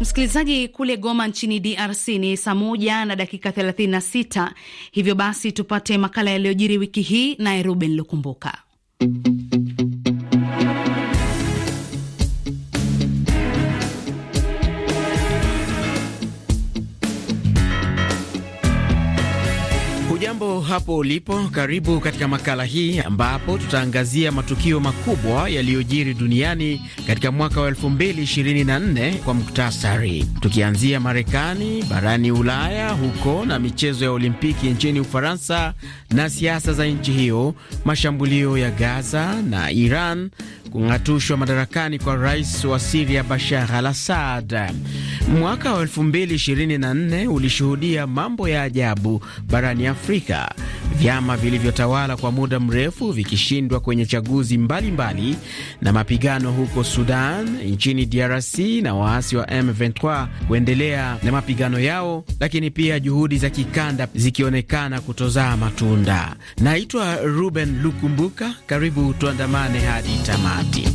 Msikilizaji, kule Goma nchini DRC ni saa moja na dakika 36. Hivyo basi tupate makala yaliyojiri wiki hii naye Ruben Lukumbuka. hapo ulipo, karibu katika makala hii ambapo tutaangazia matukio makubwa yaliyojiri duniani katika mwaka wa 2024 kwa muktasari, tukianzia Marekani, barani Ulaya huko na michezo ya Olimpiki nchini Ufaransa na siasa za nchi hiyo, mashambulio ya Gaza na Iran, kung'atushwa madarakani kwa rais wa Siria Bashar al-Assad. Mwaka wa 2024 ulishuhudia mambo ya ajabu barani Afrika, vyama vilivyotawala kwa muda mrefu vikishindwa kwenye chaguzi mbalimbali mbali, na mapigano huko Sudan, nchini DRC na waasi wa M23 kuendelea na mapigano yao, lakini pia juhudi za kikanda zikionekana kutozaa matunda. Naitwa Ruben Lukumbuka, karibu tuandamane hadi tamati.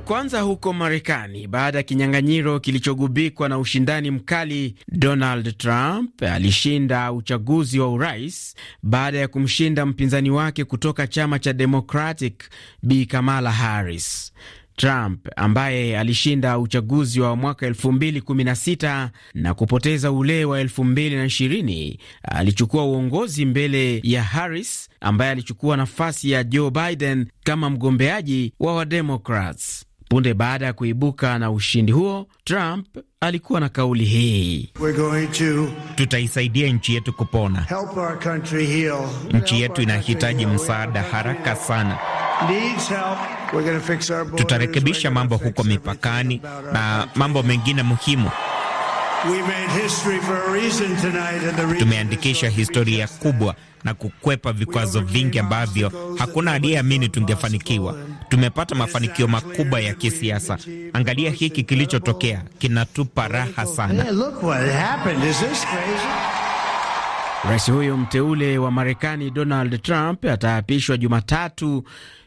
Kwanza huko Marekani, baada ya kinyang'anyiro kilichogubikwa na ushindani mkali, Donald Trump alishinda uchaguzi wa urais baada ya kumshinda mpinzani wake kutoka chama cha Democratic Bi Kamala Harris. Trump ambaye alishinda uchaguzi wa mwaka 2016 na kupoteza ule wa 2020 alichukua uongozi mbele ya Harris ambaye alichukua nafasi ya Joe Biden kama mgombeaji wa Wademokrats. Punde baada ya kuibuka na ushindi huo, Trump alikuwa na kauli hii: tutaisaidia nchi yetu kupona. Nchi yetu inahitaji msaada haraka sana. Tutarekebisha mambo huko mipakani na mambo mengine muhimu. Tumeandikisha historia kubwa na kukwepa vikwazo vingi ambavyo hakuna aliyeamini tungefanikiwa. Tumepata mafanikio makubwa ya kisiasa. Angalia hiki kilichotokea, kinatupa raha sana. Rais huyo mteule wa Marekani Donald Trump ataapishwa Jumatatu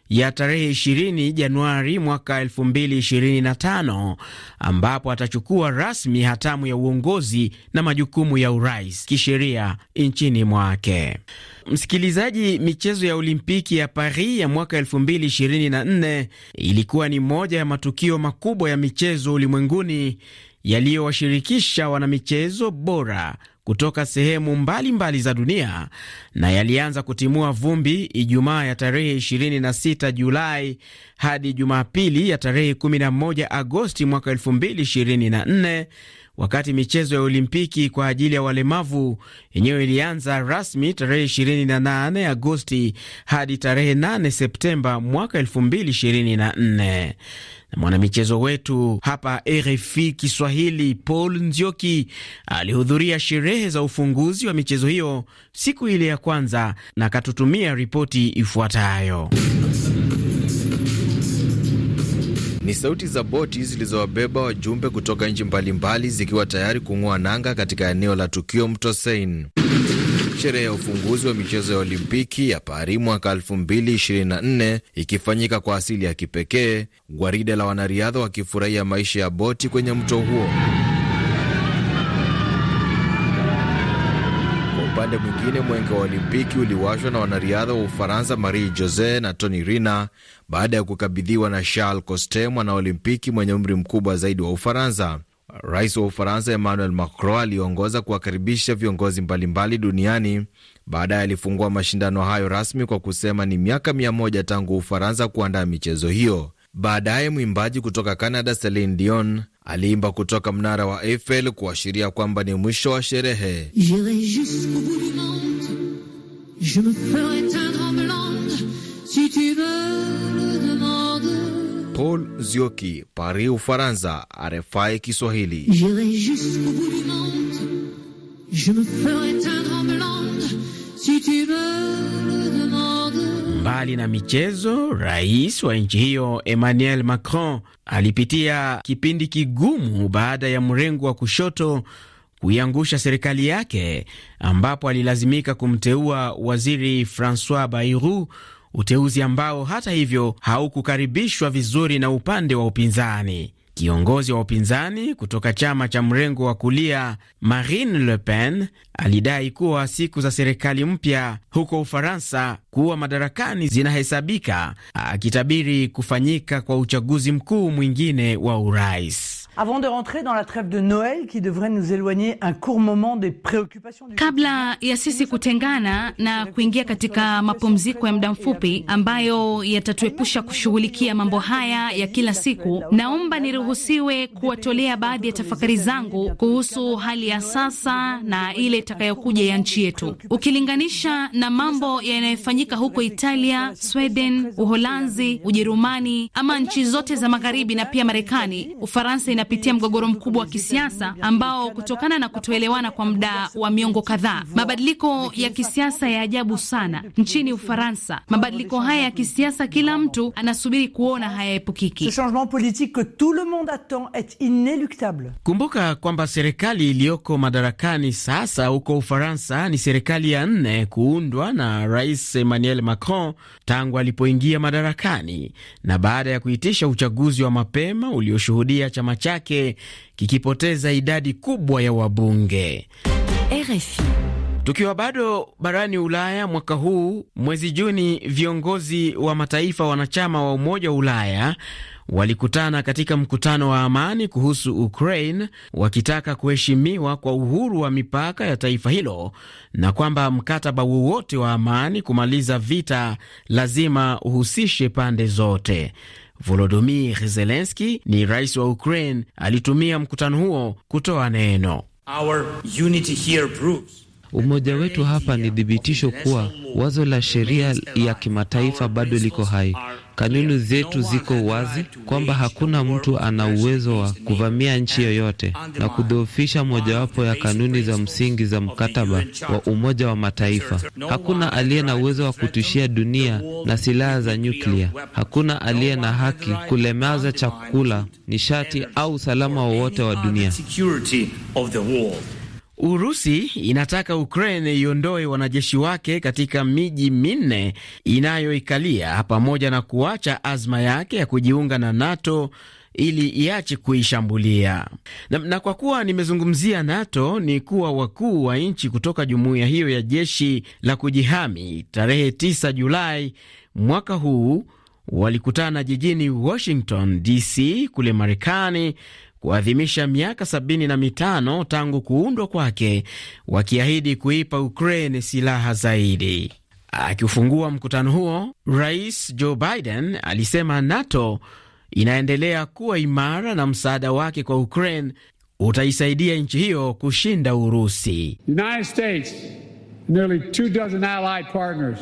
ya tarehe 20 Januari mwaka 2025 ambapo atachukua rasmi hatamu ya uongozi na majukumu ya urais kisheria nchini mwake. Msikilizaji, michezo ya Olimpiki ya Paris ya mwaka 2024 ilikuwa ni moja ya matukio makubwa ya michezo ulimwenguni yaliyowashirikisha wanamichezo bora kutoka sehemu mbalimbali mbali za dunia na yalianza kutimua vumbi Ijumaa ya tarehe 26 Julai hadi Jumapili ya tarehe 11 Agosti mwaka 2024 wakati michezo ya Olimpiki kwa ajili ya walemavu yenyewe ilianza rasmi tarehe 28 Agosti hadi tarehe 8 Septemba mwaka 2024 na mwanamichezo wetu hapa RFI Kiswahili Paul Nzioki alihudhuria sherehe za ufunguzi wa michezo hiyo siku ile ya kwanza na akatutumia ripoti ifuatayo. Ni sauti za boti zilizowabeba wajumbe kutoka nchi mbalimbali zikiwa tayari kung'oa nanga katika eneo la tukio mto Seine sherehe ya ufunguzi wa michezo ya Olimpiki ya Paris mwaka 2024 ikifanyika kwa asili ya kipekee, gwaride la wanariadha wakifurahia maisha ya boti kwenye mto huo. Upande mwingine mwenge wa Olimpiki uliwashwa na wanariadha wa Ufaransa Marie Jose na Tony Rina baada ya kukabidhiwa na Charles Coste, mwanaolimpiki mwenye umri mkubwa zaidi wa Ufaransa. Rais wa Ufaransa Emmanuel Macron aliongoza kuwakaribisha viongozi mbalimbali duniani. Baadaye alifungua mashindano hayo rasmi kwa kusema ni miaka mia moja tangu Ufaransa kuandaa michezo hiyo. Baadaye mwimbaji kutoka Canada Celine Dion aliimba kutoka mnara wa Eiffel kuashiria kwamba ni mwisho wa sherehe. Paul Zioki, Paris, Ufaransa, RFI Kiswahili. Mbali na michezo, rais wa nchi hiyo Emmanuel Macron alipitia kipindi kigumu baada ya mrengo wa kushoto kuiangusha serikali yake ambapo alilazimika kumteua waziri Francois Bayrou uteuzi ambao hata hivyo haukukaribishwa vizuri na upande wa upinzani. Kiongozi wa upinzani kutoka chama cha mrengo wa kulia Marine Le Pen alidai kuwa siku za serikali mpya huko Ufaransa kuwa madarakani zinahesabika, akitabiri kufanyika kwa uchaguzi mkuu mwingine wa urais. Avant de rentrer dans la trêve de Noël qui devrait nous éloigner un court moment des préoccupations du kabla ya sisi kutengana na kuingia katika mapumziko ya muda mfupi ambayo yatatuepusha kushughulikia mambo haya ya kila siku, naomba niruhusiwe kuwatolea baadhi ya tafakari zangu kuhusu hali ya sasa na ile itakayokuja ya nchi yetu, ukilinganisha na mambo yanayofanyika huko Italia, Sweden, Uholanzi, Ujerumani ama nchi zote za Magharibi na pia Marekani, Ufaransa ina inapitia mgogoro mkubwa wa kisiasa ambao kutokana na kutoelewana kwa muda wa miongo kadhaa, mabadiliko ya kisiasa ya ajabu sana nchini Ufaransa. Mabadiliko haya ya kisiasa kila mtu anasubiri kuona hayaepukiki. Kumbuka kwamba serikali iliyoko madarakani sasa huko Ufaransa ni serikali ya nne kuundwa na Rais Emmanuel Macron tangu alipoingia madarakani na baada ya kuitisha uchaguzi wa mapema ulioshuhudia chama chake chake kikipoteza idadi kubwa ya wabunge. RFI. Tukiwa bado barani Ulaya, mwaka huu mwezi Juni, viongozi wa mataifa wanachama wa Umoja wa Ulaya walikutana katika mkutano wa amani kuhusu Ukraine, wakitaka kuheshimiwa kwa uhuru wa mipaka ya taifa hilo na kwamba mkataba wowote wa amani kumaliza vita lazima uhusishe pande zote. Volodymyr Zelensky ni rais wa Ukraine alitumia mkutano huo kutoa neno. Our unity here proves Umoja wetu hapa ni thibitisho kuwa wazo la sheria ya kimataifa bado liko hai. Kanuni zetu ziko wazi kwamba hakuna mtu ana uwezo wa kuvamia nchi yoyote na kudhoofisha mojawapo ya kanuni za msingi za mkataba wa Umoja wa Mataifa. Hakuna aliye na uwezo wa kutishia dunia na silaha za nyuklia. Hakuna aliye na haki kulemaza chakula, nishati au usalama wowote wa dunia. Urusi inataka Ukraine iondoe wanajeshi wake katika miji minne inayoikalia pamoja na kuacha azma yake ya kujiunga na NATO ili iache kuishambulia. Na, na kwa kuwa nimezungumzia NATO ni kuwa wakuu wa nchi kutoka jumuiya hiyo ya jeshi la kujihami tarehe 9 Julai mwaka huu walikutana jijini Washington DC kule Marekani kuadhimisha miaka sabini na mitano tangu kuundwa kwake, wakiahidi kuipa Ukraine silaha zaidi. Akiufungua mkutano huo, Rais Joe Biden alisema NATO inaendelea kuwa imara na msaada wake kwa Ukraine utaisaidia nchi hiyo kushinda Urusi. United States, nearly two dozen allied partners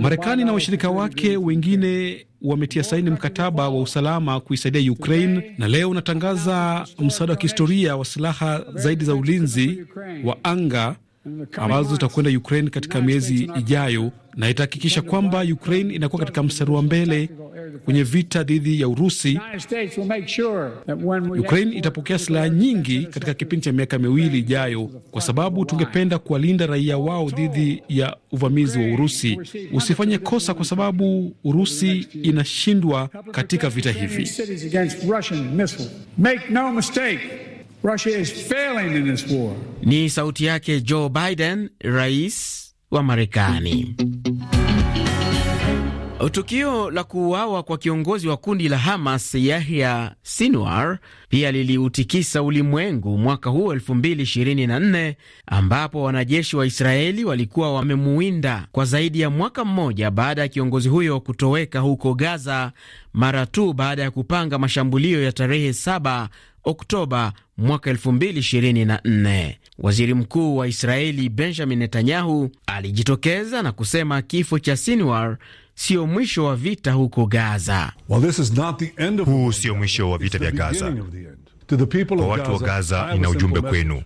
Marekani na washirika wake wengine wametia saini mkataba wa usalama kuisaidia Ukraine, na leo unatangaza msaada wa kihistoria wa silaha zaidi za ulinzi wa anga ambazo zitakwenda Ukraine katika miezi ijayo, na itahakikisha kwamba Ukraine inakuwa katika mstari wa mbele kwenye vita dhidi ya Urusi. Ukraine itapokea silaha nyingi katika kipindi cha miaka miwili ijayo, kwa sababu tungependa kuwalinda raia wao dhidi ya uvamizi wa Urusi. Usifanye kosa, kwa sababu Urusi inashindwa katika vita hivi. Russia is failing in this war. Ni sauti yake Joe Biden, rais wa Marekani. Tukio la kuuawa kwa kiongozi wa kundi la Hamas Yahya Sinwar pia liliutikisa ulimwengu mwaka huu 2024 ambapo wanajeshi wa Israeli walikuwa wamemuinda kwa zaidi ya mwaka mmoja baada ya kiongozi huyo kutoweka huko Gaza mara tu baada ya kupanga mashambulio ya tarehe 7 Oktoba mwaka 2024. Waziri mkuu wa Israeli Benjamin Netanyahu alijitokeza na kusema kifo cha Sinwar sio mwisho wa vita huko Gaza. Huu sio mwisho wa vita vya Gaza. Kwa watu wa Gaza, nina ujumbe kwenu.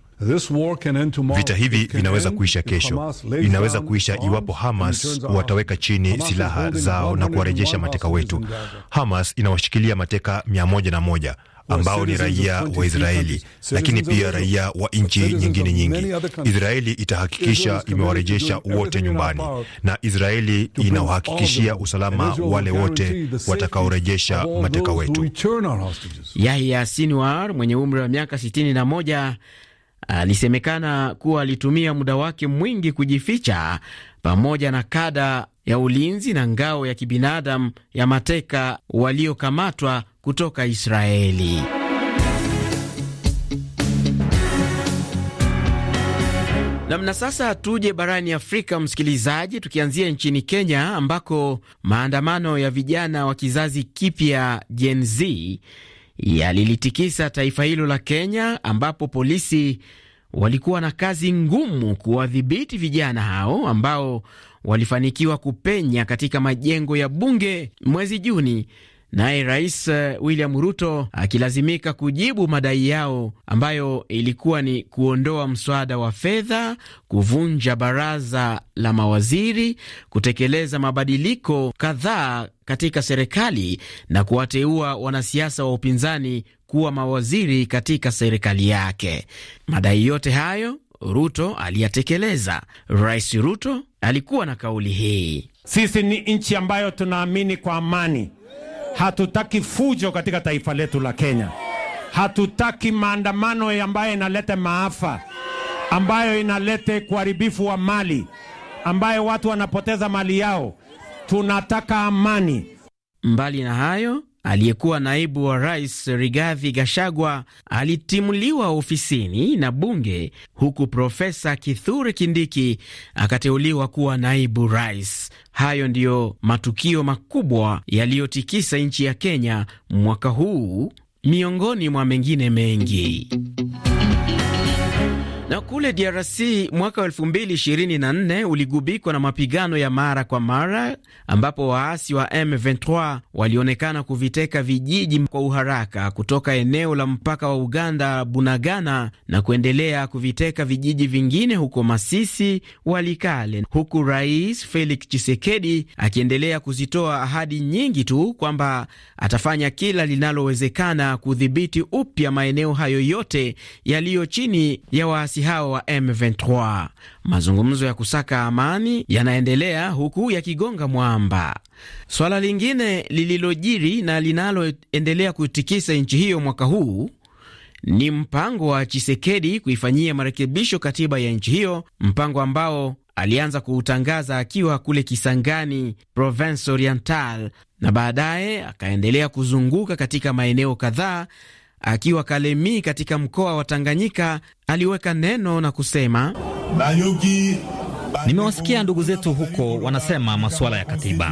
Vita hivi vinaweza kuisha kesho, inaweza kuisha iwapo Hamas wataweka chini silaha zao na kuwarejesha mateka wetu. Hamas inawashikilia mateka mia moja na moja ambao ni raia wa Israeli, lakini pia raia wa nchi nyingine nyingi. Israeli itahakikisha imewarejesha wote nyumbani, na Israeli inawahakikishia usalama wale wote watakaorejesha mateka wetu. Yahya Sinwar mwenye umri wa miaka 61 alisemekana kuwa alitumia muda wake mwingi kujificha pamoja na kada ya ulinzi na ngao ya kibinadamu ya mateka waliokamatwa kutoka Israeli. Namna sasa, tuje barani Afrika msikilizaji, tukianzia nchini Kenya ambako maandamano ya vijana wa kizazi kipya Gen Z yalilitikisa taifa hilo la Kenya, ambapo polisi walikuwa na kazi ngumu kuwadhibiti vijana hao ambao walifanikiwa kupenya katika majengo ya bunge mwezi Juni naye Rais eh, William Ruto akilazimika kujibu madai yao ambayo ilikuwa ni kuondoa mswada wa fedha, kuvunja baraza la mawaziri, kutekeleza mabadiliko kadhaa katika serikali na kuwateua wanasiasa wa upinzani kuwa mawaziri katika serikali yake. Madai yote hayo Ruto aliyatekeleza. Rais Ruto alikuwa na kauli hii: sisi ni nchi ambayo tunaamini kwa amani Hatutaki fujo katika taifa letu la Kenya. Hatutaki maandamano ambayo inaleta maafa, ambayo inaleta kuharibifu wa mali, ambayo watu wanapoteza mali yao. Tunataka amani. Mbali na hayo aliyekuwa naibu wa rais Rigathi gashagwa alitimuliwa ofisini na bunge, huku Profesa Kithure Kindiki akateuliwa kuwa naibu rais. Hayo ndiyo matukio makubwa yaliyotikisa nchi ya Kenya mwaka huu, miongoni mwa mengine mengi. Na kule DRC mwaka wa 2024 uligubikwa na mapigano ya mara kwa mara, ambapo waasi wa M23 walionekana kuviteka vijiji kwa uharaka kutoka eneo la mpaka wa Uganda Bunagana, na kuendelea kuviteka vijiji vingine huko Masisi, Walikale, huku Rais Felix Tshisekedi akiendelea kuzitoa ahadi nyingi tu kwamba atafanya kila linalowezekana kudhibiti upya maeneo hayo yote yaliyo chini ya waasi hao wa M23. Mazungumzo ya kusaka amani yanaendelea huku yakigonga mwamba. Swala lingine lililojiri na linaloendelea kutikisa nchi hiyo mwaka huu ni mpango wa Chisekedi kuifanyia marekebisho katiba ya nchi hiyo, mpango ambao alianza kuutangaza akiwa kule Kisangani, Provence Oriental, na baadaye akaendelea kuzunguka katika maeneo kadhaa akiwa Kalemi katika mkoa wa Tanganyika, aliweka neno na kusema nimewasikia ndugu zetu huko wanasema masuala ya katiba.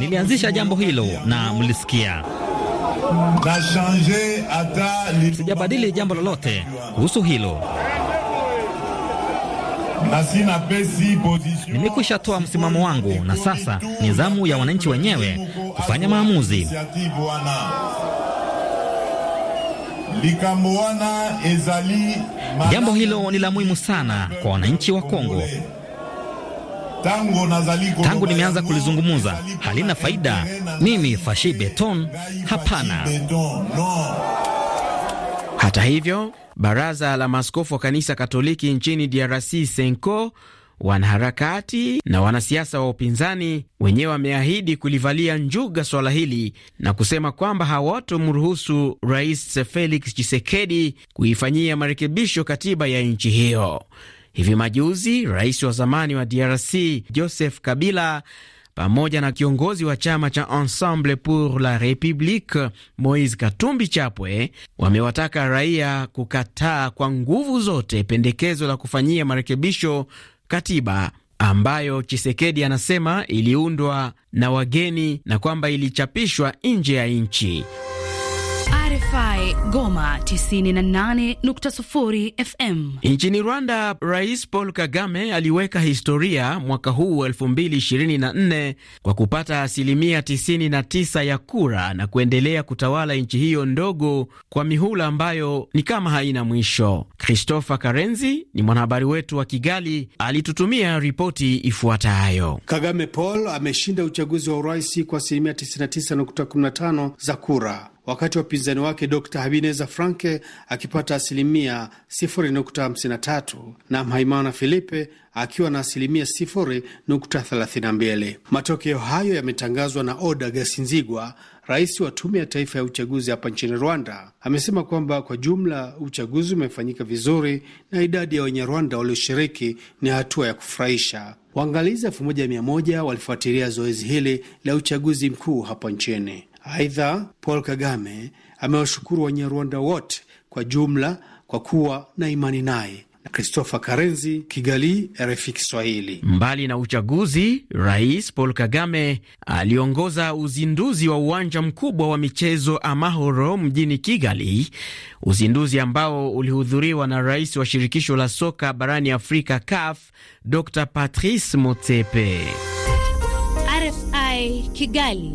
Nilianzisha jambo hilo na mlisikia, sijabadili jambo lolote kuhusu hilo. Nimekwisha toa msimamo wangu na sasa ni zamu ya wananchi wenyewe kufanya maamuzi. Jambo hilo ni la muhimu sana kwa wananchi wa Kongo. Tangu nimeanza kulizungumuza, halina faida. Mimi Fashi Beton, hapana. Hata hivyo Baraza la maaskofu wa kanisa Katoliki nchini DRC Senko, wanaharakati na wanasiasa wa upinzani wenyewe wameahidi kulivalia njuga swala hili na kusema kwamba hawatomruhusu Rais Felix Tshisekedi kuifanyia marekebisho katiba ya nchi hiyo. Hivi majuzi rais wa zamani wa DRC Joseph Kabila pamoja na kiongozi wa chama cha Ensemble pour la Republique Moise Katumbi Chapwe wamewataka raia kukataa kwa nguvu zote pendekezo la kufanyia marekebisho katiba ambayo Chisekedi anasema iliundwa na wageni na kwamba ilichapishwa nje ya nchi. RFI Goma 98.0 FM. Nchini Rwanda, Rais Paul Kagame aliweka historia mwaka huu 2024 kwa kupata asilimia 99 ya kura na kuendelea kutawala nchi hiyo ndogo kwa mihula ambayo ni kama haina mwisho. Christopher Karenzi ni mwanahabari wetu wa Kigali, alitutumia ripoti ifuatayo. Kagame Paul ameshinda uchaguzi wa urais kwa asilimia 99.15 za kura wakati wapinzani wake Dr Habineza Franke akipata asilimia 0.53 na Mhaimana Filipe akiwa na asilimia 0.32. Matokeo hayo yametangazwa na Oda Gasinzigwa, rais wa tume ya taifa ya uchaguzi hapa nchini Rwanda. Amesema kwamba kwa jumla uchaguzi umefanyika vizuri na idadi ya Wanyarwanda walioshiriki ni hatua ya kufurahisha. Waangalizi elfu moja mia moja walifuatilia zoezi hili la uchaguzi mkuu hapa nchini. Aidha, Paul Kagame amewashukuru Wanyarwanda wote kwa jumla kwa kuwa na imani naye. Christopher Karenzi, Kigali, RFI Kiswahili. Mbali na uchaguzi, Rais Paul Kagame aliongoza uzinduzi wa uwanja mkubwa wa michezo Amahoro mjini Kigali, uzinduzi ambao ulihudhuriwa na Rais wa shirikisho la soka barani Afrika CAF, Dr Patrice Motsepe. RFI Kigali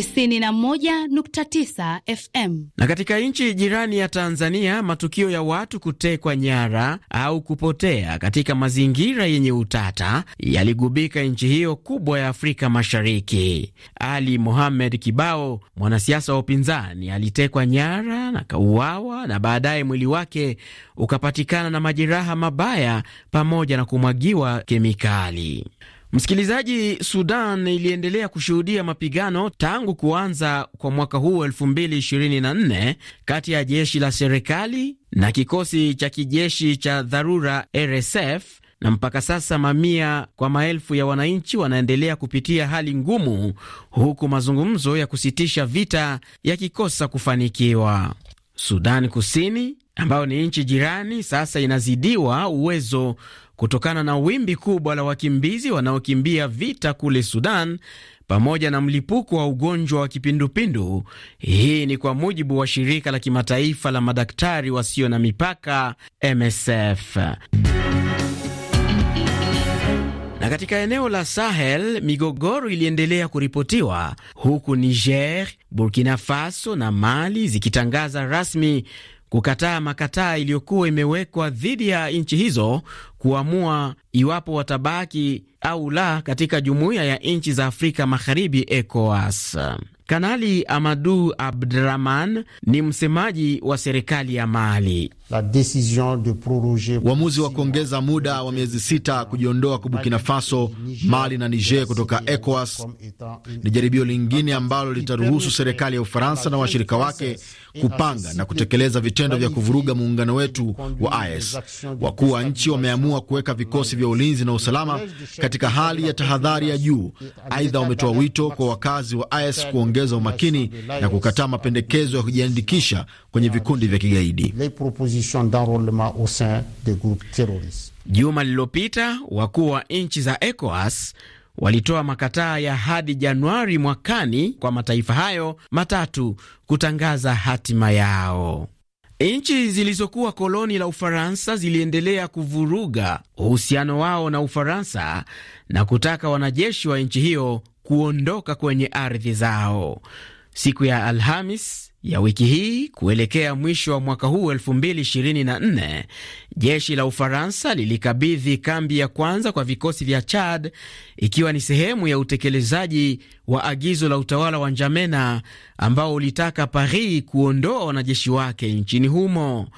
91.9 FM. Na katika nchi jirani ya Tanzania, matukio ya watu kutekwa nyara au kupotea katika mazingira yenye utata yaligubika nchi hiyo kubwa ya Afrika Mashariki. Ali Mohamed Kibao, mwanasiasa wa upinzani, alitekwa nyara na kauawa na baadaye mwili wake ukapatikana na majeraha mabaya pamoja na kumwagiwa kemikali. Msikilizaji, Sudan iliendelea kushuhudia mapigano tangu kuanza kwa mwaka huu 2024 kati ya jeshi la serikali na kikosi cha kijeshi cha dharura RSF, na mpaka sasa mamia kwa maelfu ya wananchi wanaendelea kupitia hali ngumu, huku mazungumzo ya kusitisha vita yakikosa kufanikiwa. sudan Kusini ambayo ni nchi jirani sasa inazidiwa uwezo kutokana na wimbi kubwa la wakimbizi wanaokimbia vita kule Sudan pamoja na mlipuko wa ugonjwa wa kipindupindu. Hii ni kwa mujibu wa shirika la kimataifa la madaktari wasio na mipaka MSF. Na katika eneo la Sahel migogoro iliendelea kuripotiwa huku Niger, Burkina Faso na Mali zikitangaza rasmi kukataa makataa iliyokuwa imewekwa dhidi ya nchi hizo kuamua iwapo watabaki au la katika jumuiya ya nchi za Afrika Magharibi, ECOWAS. Kanali Amadu abdrahman ni msemaji wa serikali ya Mali la decision de proroger. Uamuzi wa kuongeza muda wa miezi sita kujiondoa kwa Burkina Faso, Mali na Niger kutoka ECOWAS ni jaribio lingine ambalo litaruhusu serikali ya Ufaransa na washirika wake kupanga na kutekeleza vitendo vya kuvuruga muungano wetu wa IS. Wakuu wa nchi wameamua kuweka vikosi vya ulinzi na usalama katika hali ya tahadhari ya juu. Aidha, wametoa wito kwa wakazi wa IS kuongeza umakini na kukataa mapendekezo ya kujiandikisha kwenye vikundi vya kigaidi kuhusishwa d'enrôlement au sein des groupes terroristes. Juma lililopita wakuu wa nchi za ECOWAS walitoa makataa ya hadi Januari mwakani kwa mataifa hayo matatu kutangaza hatima yao. Nchi zilizokuwa koloni la Ufaransa ziliendelea kuvuruga uhusiano wao na Ufaransa na kutaka wanajeshi wa nchi hiyo kuondoka kwenye ardhi zao. Siku ya Alhamis ya wiki hii kuelekea mwisho wa mwaka huu 2024 jeshi la Ufaransa lilikabidhi kambi ya kwanza kwa vikosi vya Chad ikiwa ni sehemu ya utekelezaji wa agizo la utawala wa Njamena ambao ulitaka Paris kuondoa wanajeshi wake nchini humo.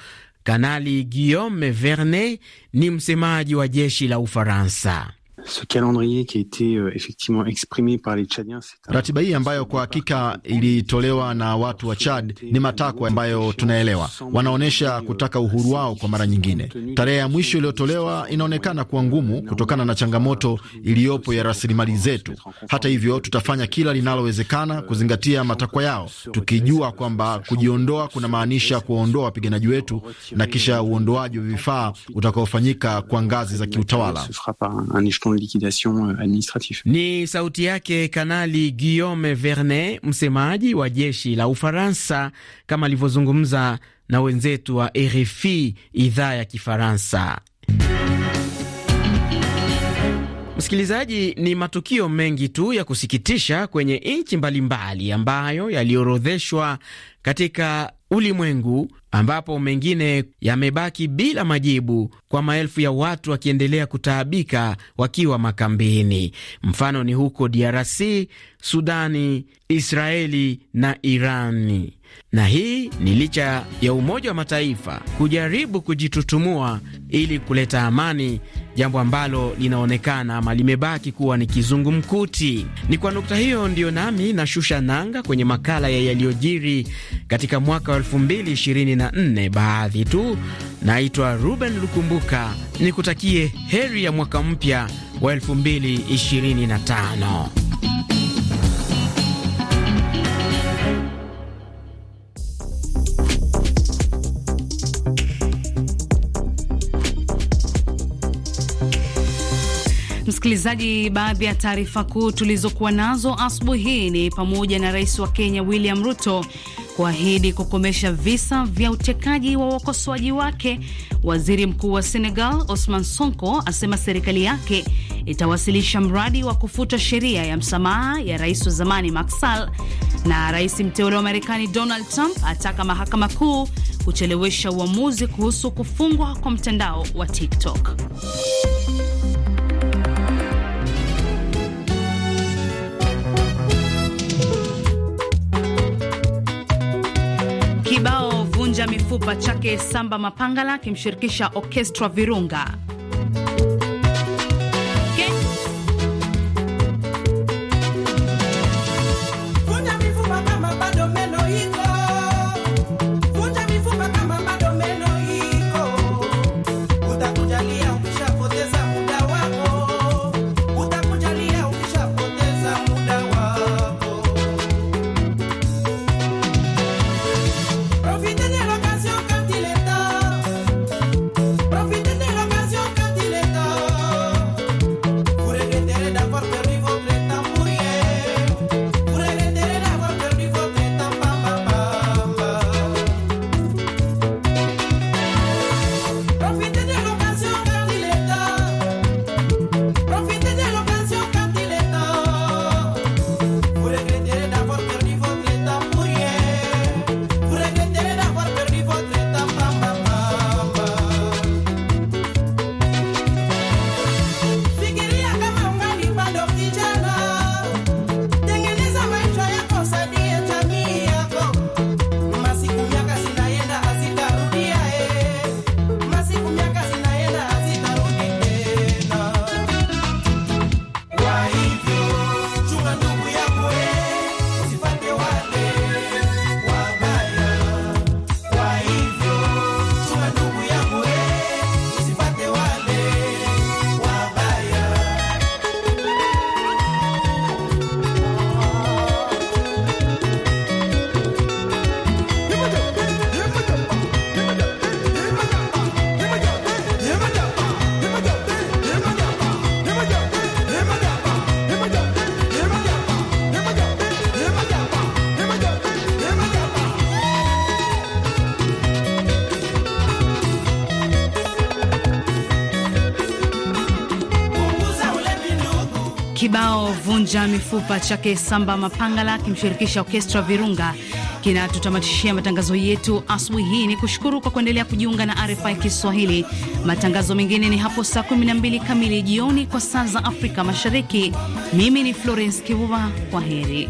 Kanali Guillaume Verne ni msemaji wa jeshi la Ufaransa ce calendrier qui a été euh, effectivement exprimé par les Tchadiens. Ratiba hii ambayo kwa hakika ilitolewa na watu wa Chad ni matakwa ambayo tunaelewa, wanaonyesha kutaka uhuru wao kwa mara nyingine. Tarehe ya mwisho iliyotolewa inaonekana kuwa ngumu kutokana na changamoto iliyopo ya rasilimali zetu. Hata hivyo, tutafanya kila linalowezekana kuzingatia matakwa yao, tukijua kwamba kujiondoa kunamaanisha kuwaondoa wapiganaji wetu na kisha uondoaji wa vifaa utakaofanyika kwa ngazi za kiutawala en liquidation euh, administrative. Ni sauti yake Kanali Guillaume Vernet, msemaji wa jeshi la Ufaransa, kama alivyozungumza na wenzetu wa RFI idhaa ya Kifaransa. Msikilizaji, ni matukio mengi tu ya kusikitisha kwenye nchi mbalimbali ambayo yaliorodheshwa katika ulimwengu, ambapo mengine yamebaki bila majibu, kwa maelfu ya watu wakiendelea kutaabika wakiwa makambini. Mfano ni huko DRC, Sudani, Israeli na Irani na hii ni licha ya Umoja wa Mataifa kujaribu kujitutumua ili kuleta amani, jambo ambalo linaonekana ama limebaki kuwa ni kizungumkuti. Ni kwa nukta hiyo ndiyo nami na shusha nanga kwenye makala ya yaliyojiri katika mwaka wa 2024 baadhi tu. Naitwa Ruben Lukumbuka, nikutakie heri ya mwaka mpya wa 2025. Msikilizaji, baadhi ya taarifa kuu tulizokuwa nazo asubuhi hii ni pamoja na rais wa Kenya William Ruto kuahidi kukomesha visa vya utekaji wa wakosoaji wake. Waziri mkuu wa Senegal Osman Sonko asema serikali yake itawasilisha mradi wa kufuta sheria ya msamaha ya rais wa zamani Macky Sall, na rais mteule wa Marekani Donald Trump ataka mahakama kuu kuchelewesha uamuzi kuhusu kufungwa kwa mtandao wa TikTok. bachake chake Samba Mapangala kimshirikisha Orkestra Virunga. Kibao vunja mifupa chake Samba Mapangala kimshirikisha Orkestra Virunga kinatutamatishia matangazo yetu asubuhi hii. Ni kushukuru kwa kuendelea kujiunga na RFI Kiswahili. Matangazo mengine ni hapo saa 12 kamili jioni kwa saa za Afrika Mashariki. Mimi ni Florence Kivuva, kwa heri.